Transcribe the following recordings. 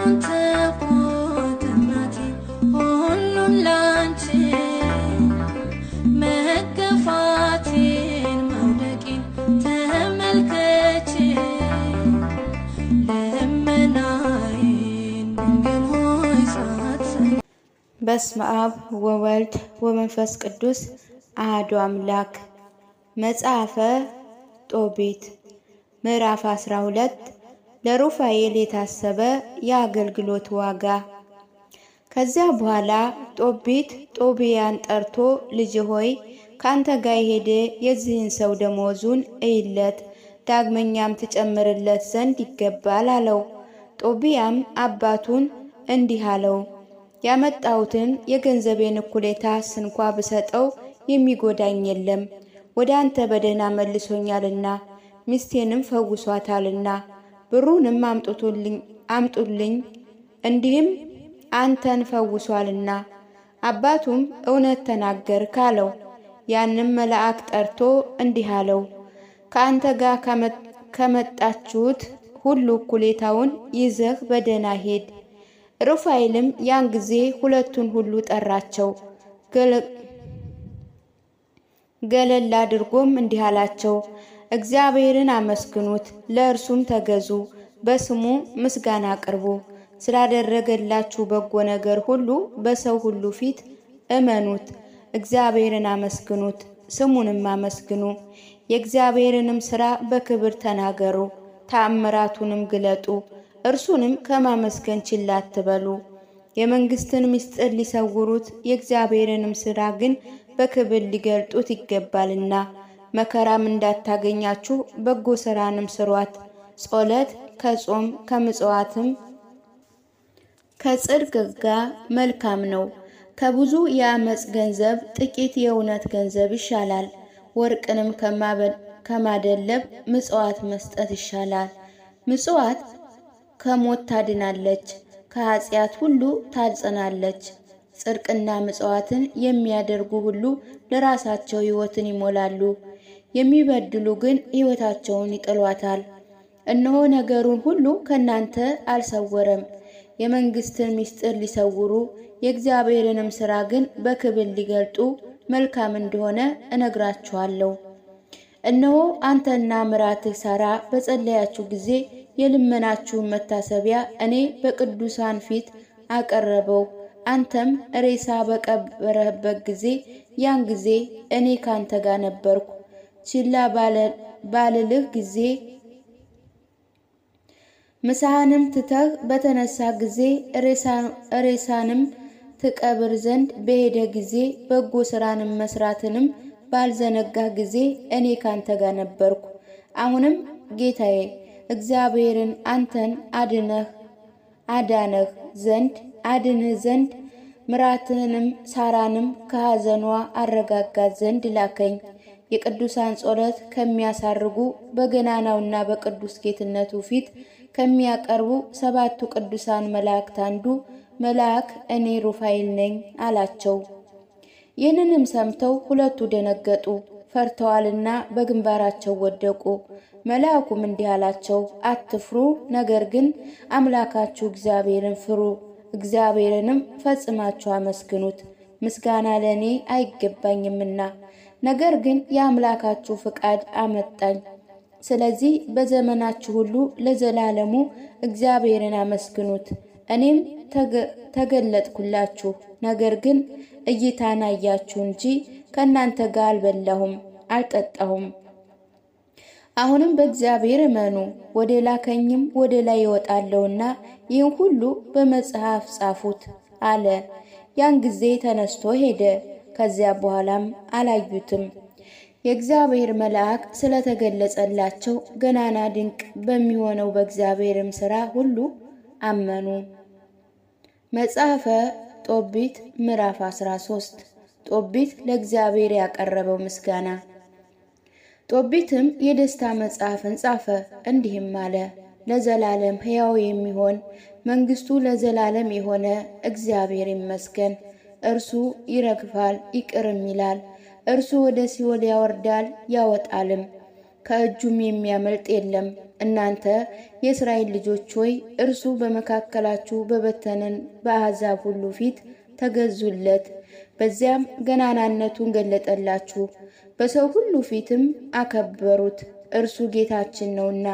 ያንተ ሞት እናቴ ሁሉም ላንቺ መገፋቴን መውደቄን በስመ አብ ወወልድ ወመንፈስ ቅዱስ አሐዱ አምላክ መጽሐፈ ጦቢት ምዕራፍ 12 ለሩፋኤል የታሰበ የአገልግሎት ዋጋ። ከዚያ በኋላ ጦቢት ጦቢያን ጠርቶ ልጅ ሆይ ከአንተ ጋር የሄደ የዚህን ሰው ደሞዙን እይለት፣ ዳግመኛም ትጨምርለት ዘንድ ይገባል አለው። ጦቢያም አባቱን እንዲህ አለው፣ ያመጣሁትን የገንዘቤን እኩሌታ ስንኳ ብሰጠው የሚጎዳኝ የለም፣ ወደ አንተ በደህና መልሶኛልና ሚስቴንም ፈውሷታልና ብሩንም አምጡልኝ አምጡልኝ እንዲህም አንተን ፈውሷልና አባቱም እውነት ተናገር ካለው ያንም መልአክ ጠርቶ እንዲህ አለው ከአንተ ጋር ከመጣችሁት ሁሉ እኩሌታውን ይዘህ በደህና ሄድ። ሩፋኤልም ያን ጊዜ ሁለቱን ሁሉ ጠራቸው፣ ገለል አድርጎም እንዲህ አላቸው እግዚአብሔርን አመስግኑት፣ ለእርሱም ተገዙ፣ በስሙ ምስጋና አቅርቡ። ስላደረገላችሁ በጎ ነገር ሁሉ በሰው ሁሉ ፊት እመኑት። እግዚአብሔርን አመስግኑት፣ ስሙንም አመስግኑ። የእግዚአብሔርንም ሥራ በክብር ተናገሩ፣ ተአምራቱንም ግለጡ። እርሱንም ከማመስገን ችላ አትበሉ። የመንግስትን ምስጢር ሊሰውሩት የእግዚአብሔርንም ሥራ ግን በክብር ሊገልጡት ይገባልና። መከራም እንዳታገኛችሁ በጎ ስራንም ስሯት። ጸሎት ከጾም ከምጽዋትም ከጽድቅ ጋር መልካም ነው። ከብዙ የአመፅ ገንዘብ ጥቂት የእውነት ገንዘብ ይሻላል። ወርቅንም ከማደለብ ምጽዋት መስጠት ይሻላል። ምጽዋት ከሞት ታድናለች፣ ከኃጢአት ሁሉ ታጽናለች። ጽድቅና ምጽዋትን የሚያደርጉ ሁሉ ለራሳቸው ሕይወትን ይሞላሉ። የሚበድሉ ግን ሕይወታቸውን ይጥሏታል። እነሆ ነገሩን ሁሉ ከእናንተ አልሰወረም። የመንግሥትን ምስጢር ሊሰውሩ የእግዚአብሔርንም ሥራ ግን በክብል ሊገልጡ መልካም እንደሆነ እነግራችኋለሁ። እነሆ አንተና ምራትህ ሳራ በጸለያችሁ ጊዜ የልመናችሁን መታሰቢያ እኔ በቅዱሳን ፊት አቀረበው። አንተም ሬሳ በቀበረህበት ጊዜ ያን ጊዜ እኔ ካንተ ጋር ነበርኩ ችላ ባልልህ ጊዜ ምሳህንም ትተህ በተነሳ ጊዜ ሬሳንም ትቀብር ዘንድ በሄደ ጊዜ በጎ ስራንም መስራትንም ባልዘነጋ ጊዜ እኔ ካንተ ጋር ነበርኩ። አሁንም ጌታዬ እግዚአብሔርን አንተን አድነህ አዳነህ ዘንድ አድንህ ዘንድ ምራትህንም ሳራንም ከሐዘኗ አረጋጋት ዘንድ ላከኝ። የቅዱሳን ጸሎት ከሚያሳርጉ በገናናውና በቅዱስ ጌትነቱ ፊት ከሚያቀርቡ ሰባቱ ቅዱሳን መላእክት አንዱ መልአክ እኔ ሩፋኤል ነኝ አላቸው። ይህንንም ሰምተው ሁለቱ ደነገጡ፣ ፈርተዋልና በግንባራቸው ወደቁ። መልአኩም እንዲህ አላቸው፣ አትፍሩ፣ ነገር ግን አምላካችሁ እግዚአብሔርን ፍሩ፣ እግዚአብሔርንም ፈጽማችሁ አመስግኑት፣ ምስጋና ለእኔ አይገባኝምና ነገር ግን የአምላካችሁ ፍቃድ አመጣኝ። ስለዚህ በዘመናችሁ ሁሉ ለዘላለሙ እግዚአብሔርን አመስግኑት። እኔም ተገለጥኩላችሁ፣ ነገር ግን እይታን አያችሁ እንጂ ከእናንተ ጋር አልበላሁም፣ አልጠጣሁም። አሁንም በእግዚአብሔር እመኑ፣ ወደ ላከኝም ወደ ላይ ይወጣለውና ይህን ሁሉ በመጽሐፍ ጻፉት አለ። ያን ጊዜ ተነስቶ ሄደ። ከዚያ በኋላም አላዩትም። የእግዚአብሔር መልአክ ስለተገለጸላቸው ገናና ድንቅ በሚሆነው በእግዚአብሔርም ሥራ ሁሉ አመኑ። መጽሐፈ ጦቢት ምዕራፍ 13 ጦቢት ለእግዚአብሔር ያቀረበው ምስጋና። ጦቢትም የደስታ መጽሐፍን ጻፈ፣ እንዲህም አለ። ለዘላለም ሕያው የሚሆን መንግሥቱ ለዘላለም የሆነ እግዚአብሔር ይመስገን። እርሱ ይረግፋል ይቅርም ይላል። እርሱ ወደ ሲኦል ያወርዳል ያወጣልም፣ ከእጁም የሚያመልጥ የለም። እናንተ የእስራኤል ልጆች ሆይ እርሱ በመካከላችሁ በበተነን በአሕዛብ ሁሉ ፊት ተገዙለት። በዚያም ገናናነቱን ገለጠላችሁ፣ በሰው ሁሉ ፊትም አከበሩት። እርሱ ጌታችን ነውና፣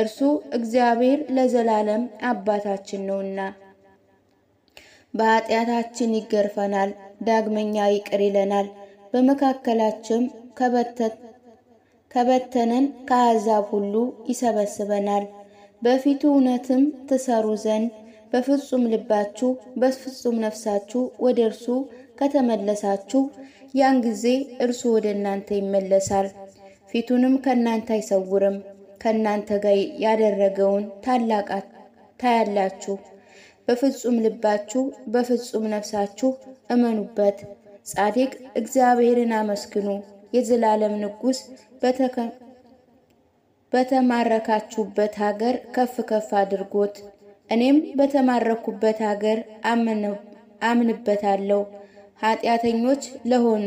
እርሱ እግዚአብሔር ለዘላለም አባታችን ነውና በኃጢአታችን ይገርፈናል፣ ዳግመኛ ይቅር ይለናል። በመካከላችን ከበተነን ከአሕዛብ ሁሉ ይሰበስበናል። በፊቱ እውነትም ትሰሩ ዘንድ በፍጹም ልባችሁ በፍጹም ነፍሳችሁ ወደ እርሱ ከተመለሳችሁ ያን ጊዜ እርሱ ወደ እናንተ ይመለሳል፣ ፊቱንም ከእናንተ አይሰውርም። ከእናንተ ጋር ያደረገውን ታላቅ ታያላችሁ። በፍጹም ልባችሁ በፍጹም ነፍሳችሁ እመኑበት። ጻድቅ እግዚአብሔርን አመስግኑ። የዘላለም ንጉሥ በተማረካችሁበት ሀገር ከፍ ከፍ አድርጎት። እኔም በተማረኩበት ሀገር አምንበታለሁ። ኃጢአተኞች ለሆኑ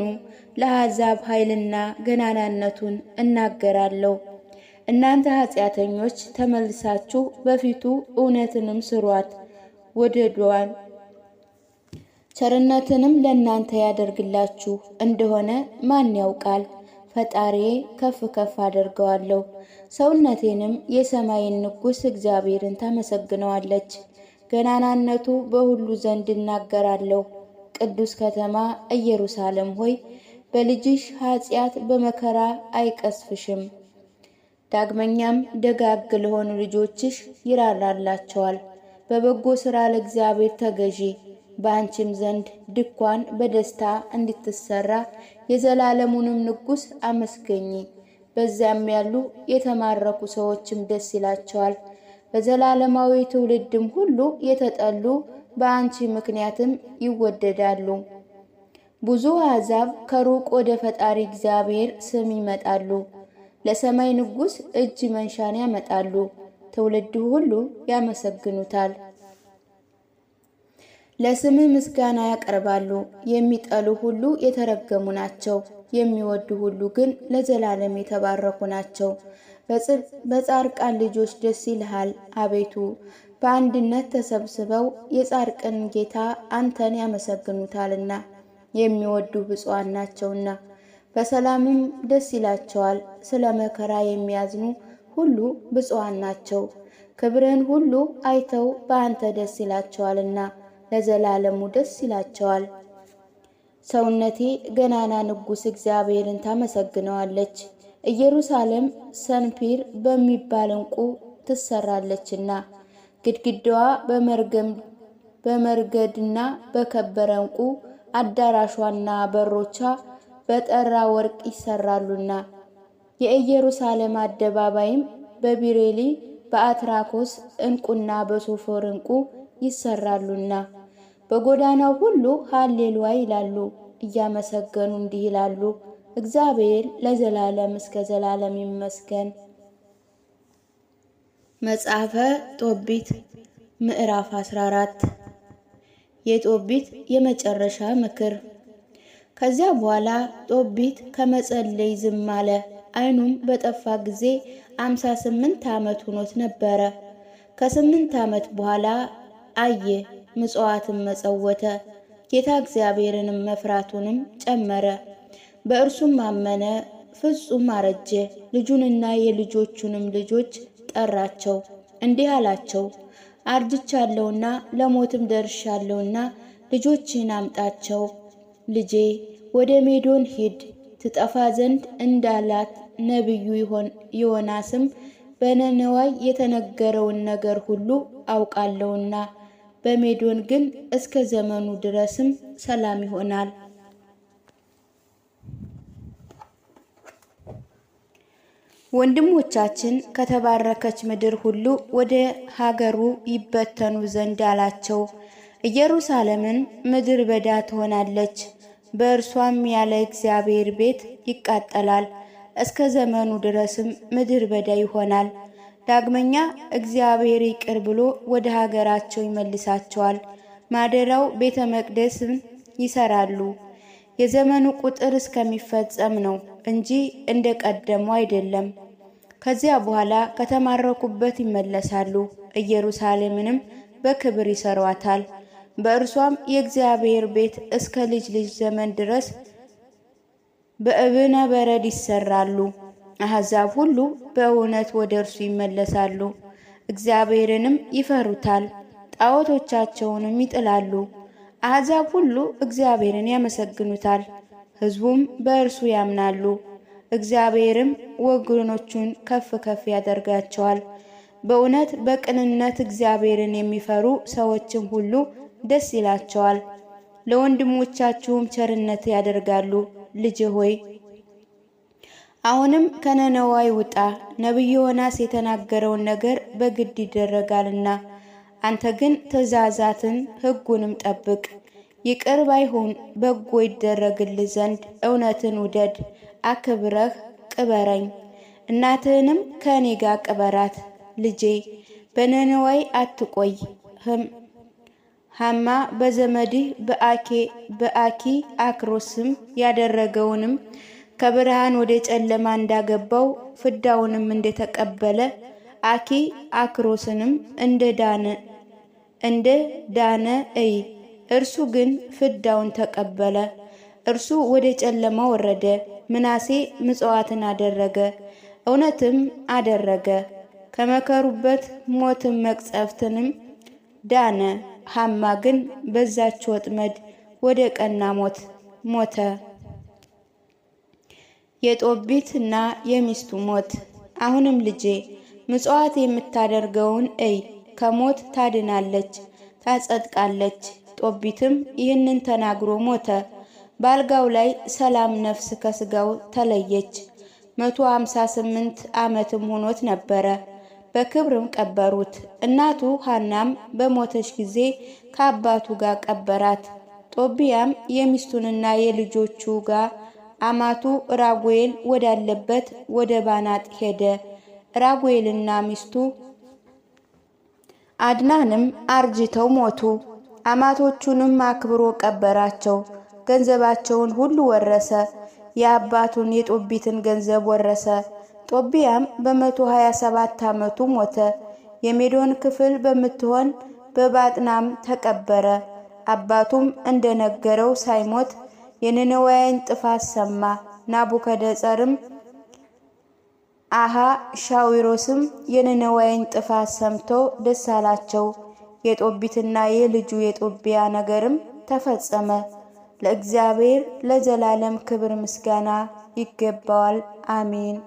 ለአሕዛብ ኃይልና ገናናነቱን እናገራለሁ። እናንተ ኃጢአተኞች ተመልሳችሁ በፊቱ እውነትንም ስሯት። ወደዷል ቸርነትንም ለእናንተ ያደርግላችሁ እንደሆነ ማን ያውቃል። ፈጣሪዬ ከፍ ከፍ አደርገዋለሁ፣ ሰውነቴንም የሰማይን ንጉሥ እግዚአብሔርን ታመሰግነዋለች። ገናናነቱ በሁሉ ዘንድ እናገራለሁ። ቅዱስ ከተማ ኢየሩሳሌም ሆይ በልጅሽ ኃጢአት በመከራ አይቀስፍሽም። ዳግመኛም ደጋግ ለሆኑ ልጆችሽ ይራራላቸዋል። በበጎ ስራ ለእግዚአብሔር ተገዢ በአንቺም ዘንድ ድኳን በደስታ እንድትሰራ የዘላለሙንም ንጉሥ አመስገኝ። በዚያም ያሉ የተማረኩ ሰዎችም ደስ ይላቸዋል። በዘላለማዊ ትውልድም ሁሉ የተጠሉ በአንቺ ምክንያትም ይወደዳሉ። ብዙ አሕዛብ ከሩቅ ወደ ፈጣሪ እግዚአብሔር ስም ይመጣሉ። ለሰማይ ንጉሥ እጅ መንሻን ያመጣሉ። ትውልዱ ሁሉ ያመሰግኑታል። ለስምህ ምስጋና ያቀርባሉ። የሚጠሉ ሁሉ የተረገሙ ናቸው፣ የሚወዱ ሁሉ ግን ለዘላለም የተባረኩ ናቸው። በጻድቃን ልጆች ደስ ይልሃል አቤቱ። በአንድነት ተሰብስበው የጻድቅን ጌታ አንተን ያመሰግኑታልና የሚወዱ ብፁዓን ናቸውና በሰላምም ደስ ይላቸዋል። ስለ መከራ የሚያዝኑ ሁሉ ብፁዓን ናቸው፣ ክብርህን ሁሉ አይተው በአንተ ደስ ይላቸዋልና ለዘላለሙ ደስ ይላቸዋል። ሰውነቴ ገናና ንጉሥ እግዚአብሔርን ታመሰግነዋለች። ኢየሩሳሌም ሰንፒር በሚባል ዕንቁ ትሰራለችና ግድግዳዋ በመርገድና በከበረ እንቁ አዳራሿና በሮቿ በጠራ ወርቅ ይሰራሉና የኢየሩሳሌም አደባባይም በቢሬሊ በአትራኮስ እንቁና በሶፎር እንቁ ይሰራሉና በጎዳናው ሁሉ ሃሌሉያ ይላሉ፣ እያመሰገኑ እንዲህ ይላሉ፣ እግዚአብሔር ለዘላለም እስከ ዘላለም ይመስገን። መጽሐፈ ጦቢት ምዕራፍ 14 የጦቢት የመጨረሻ ምክር። ከዚያ በኋላ ጦቢት ከመጸለይ ዝም አለ። አይኑም በጠፋ ጊዜ አምሳ ስምንት ዓመት ሆኖት ነበረ። ከስምንት ዓመት በኋላ አየ፣ ምጽዋትን መጸወተ፣ ጌታ እግዚአብሔርንም መፍራቱንም ጨመረ። በእርሱም አመነ፣ ፍጹም አረጀ። ልጁንና የልጆቹንም ልጆች ጠራቸው፣ እንዲህ አላቸው፦ አርጅቻለሁና ለሞትም ደርሻለሁና ልጆችን አምጣቸው። ልጄ ወደ ሜዶን ሂድ፣ ትጠፋ ዘንድ እንዳላት ነቢዩ ዮናስም በነነዋይ የተነገረውን ነገር ሁሉ አውቃለሁና በሜዶን ግን እስከ ዘመኑ ድረስም ሰላም ይሆናል። ወንድሞቻችን ከተባረከች ምድር ሁሉ ወደ ሀገሩ ይበተኑ ዘንድ አላቸው። ኢየሩሳሌምን ምድር በዳ ትሆናለች፣ በእርሷም ያለ እግዚአብሔር ቤት ይቃጠላል። እስከ ዘመኑ ድረስም ምድር በዳ ይሆናል። ዳግመኛ እግዚአብሔር ይቅር ብሎ ወደ ሀገራቸው ይመልሳቸዋል። ማደሪያው ቤተ መቅደስም ይሰራሉ። የዘመኑ ቁጥር እስከሚፈጸም ነው እንጂ እንደ ቀደሙ አይደለም። ከዚያ በኋላ ከተማረኩበት ይመለሳሉ። ኢየሩሳሌምንም በክብር ይሰሯታል። በእርሷም የእግዚአብሔር ቤት እስከ ልጅ ልጅ ዘመን ድረስ በእብነ በረድ ይሰራሉ። አሕዛብ ሁሉ በእውነት ወደ እርሱ ይመለሳሉ። እግዚአብሔርንም ይፈሩታል፣ ጣዖቶቻቸውንም ይጥላሉ። አሕዛብ ሁሉ እግዚአብሔርን ያመሰግኑታል፣ ሕዝቡም በእርሱ ያምናሉ። እግዚአብሔርም ወገኖቹን ከፍ ከፍ ያደርጋቸዋል። በእውነት በቅንነት እግዚአብሔርን የሚፈሩ ሰዎችም ሁሉ ደስ ይላቸዋል። ለወንድሞቻችሁም ቸርነት ያደርጋሉ። ልጅ ሆይ አሁንም ከነነዋይ ውጣ፣ ነቢዩ ዮናስ የተናገረውን ነገር በግድ ይደረጋልና፣ አንተ ግን ትእዛዛትን ሕጉንም ጠብቅ። ይቅር ባይሆን በጎ ይደረግልህ ዘንድ እውነትን ውደድ፣ አክብረህ ቅበረኝ። እናትህንም ከእኔ ጋር ቅበራት። ልጄ በነነዋይ አትቆይ ህም ሃማ በዘመድህ በአኪ አክሮስም ያደረገውንም ከብርሃን ወደ ጨለማ እንዳገባው ፍዳውንም እንደተቀበለ አኪ አክሮስንም እንደ ዳነ እንደ ዳነ እይ። እርሱ ግን ፍዳውን ተቀበለ። እርሱ ወደ ጨለማ ወረደ። ምናሴ ምጽዋትን አደረገ፣ እውነትም አደረገ። ከመከሩበት ሞትን መቅጸፍትንም ዳነ። ሐማ ግን በዛች ወጥመድ ወደ ቀና ሞት ሞተ። የጦቢት እና የሚስቱ ሞት። አሁንም ልጄ ምጽዋት የምታደርገውን እይ፣ ከሞት ታድናለች፣ ታጸድቃለች። ጦቢትም ይህንን ተናግሮ ሞተ። በአልጋው ላይ ሰላም ነፍስ ከስጋው ተለየች። መቶ አምሳ ስምንት ዓመትም ሆኖት ነበረ። በክብርም ቀበሩት። እናቱ ሀናም በሞተች ጊዜ ከአባቱ ጋር ቀበራት። ጦቢያም የሚስቱንና የልጆቹ ጋር አማቱ ራጉኤል ወዳለበት ወደ ባናጥ ሄደ። ራጉኤልና ሚስቱ አድናንም አርጅተው ሞቱ። አማቶቹንም አክብሮ ቀበራቸው። ገንዘባቸውን ሁሉ ወረሰ። የአባቱን የጦቢትን ገንዘብ ወረሰ። ጦቢያም በመቶ ሀያ ሰባት ዓመቱ ሞተ። የሜዶን ክፍል በምትሆን በባጥናም ተቀበረ። አባቱም እንደነገረው ሳይሞት የነነዋያን ጥፋት ሰማ። ናቡከደጸርም አሃ ሻዊሮስም የነነዋያን ጥፋት ሰምተው ደስ አላቸው። የጦቢትና የልጁ የጦቢያ ነገርም ተፈጸመ። ለእግዚአብሔር ለዘላለም ክብር ምስጋና ይገባዋል። አሜን።